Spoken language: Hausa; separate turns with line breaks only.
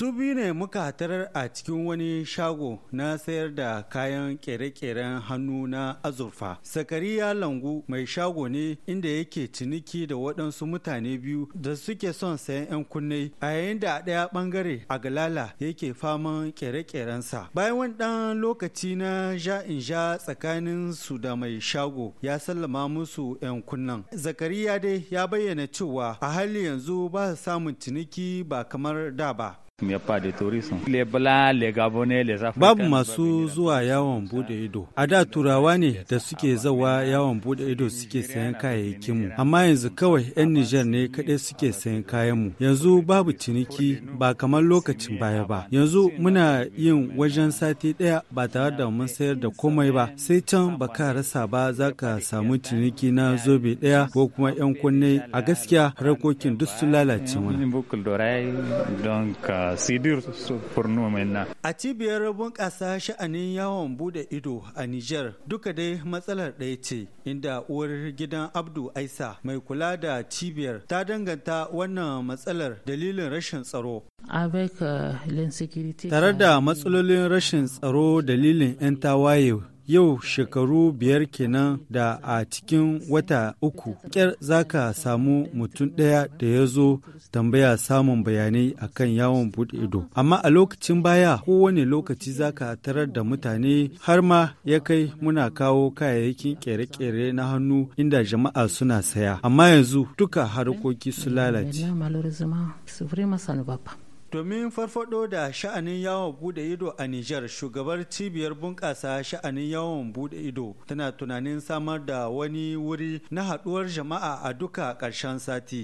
su biyu ne muka tarar a cikin wani shago na sayar da kayan kere-keren hannu na azurfa sakariya langu mai shago ne inda yake ciniki da waɗansu mutane biyu da suke son sayan 'yan kunne a yayin da a ɗaya ɓangare a galala yake faman kere-kerensa bayan wani ɗan lokaci na ja in ja tsakanin su da mai shago ya sallama musu 'yan kunnen zakariya dai ya bayyana cewa a hali yanzu ba samun ciniki ba kamar da ba Babu masu zuwa yawon bude ido. A da turawa ne da suke zawa yawon bude ido suke sayan kayayyakinmu. Amma yanzu kawai 'yan Nijar ne kaɗai suke sayan kayanmu. Yanzu babu ciniki ba kamar lokacin baya ba. Yanzu muna yin wajen sati ɗaya ba tare da mun sayar da komai ba. Sai can ba ka rasa ba za ka samu ciniki na zobe ɗaya ko kuma 'yan kunne a gaskiya harkokin duk sun lalace mana. sidir A cibiyar bunƙasa sha'anin yawon bude ido a Nijar duka dai matsalar ɗaya ce inda uwar gidan Abdu Aisa mai kula da cibiyar ta danganta wannan matsalar dalilin rashin tsaro. Euh, Tare da matsalolin rashin tsaro dalilin 'yan tawaye yau shekaru biyar kenan da a cikin wata uku ƙyar za ka samu mutum ɗaya da ya zo tambaya samun bayanai a kan yawon buɗe ido amma a lokacin baya kowane lokaci za ka tarar da mutane har ma ya kai muna kawo kayayyakin ƙere-ƙere na hannu inda jama'a suna saya amma yanzu duka harkoki su lalace domin farfado da sha'anin yawon bude ido a Nijar shugabar cibiyar bunƙasa sha'anin yawon bude ido tana tunanin samar da wani wuri na haɗuwar jama'a a duka ƙarshen sati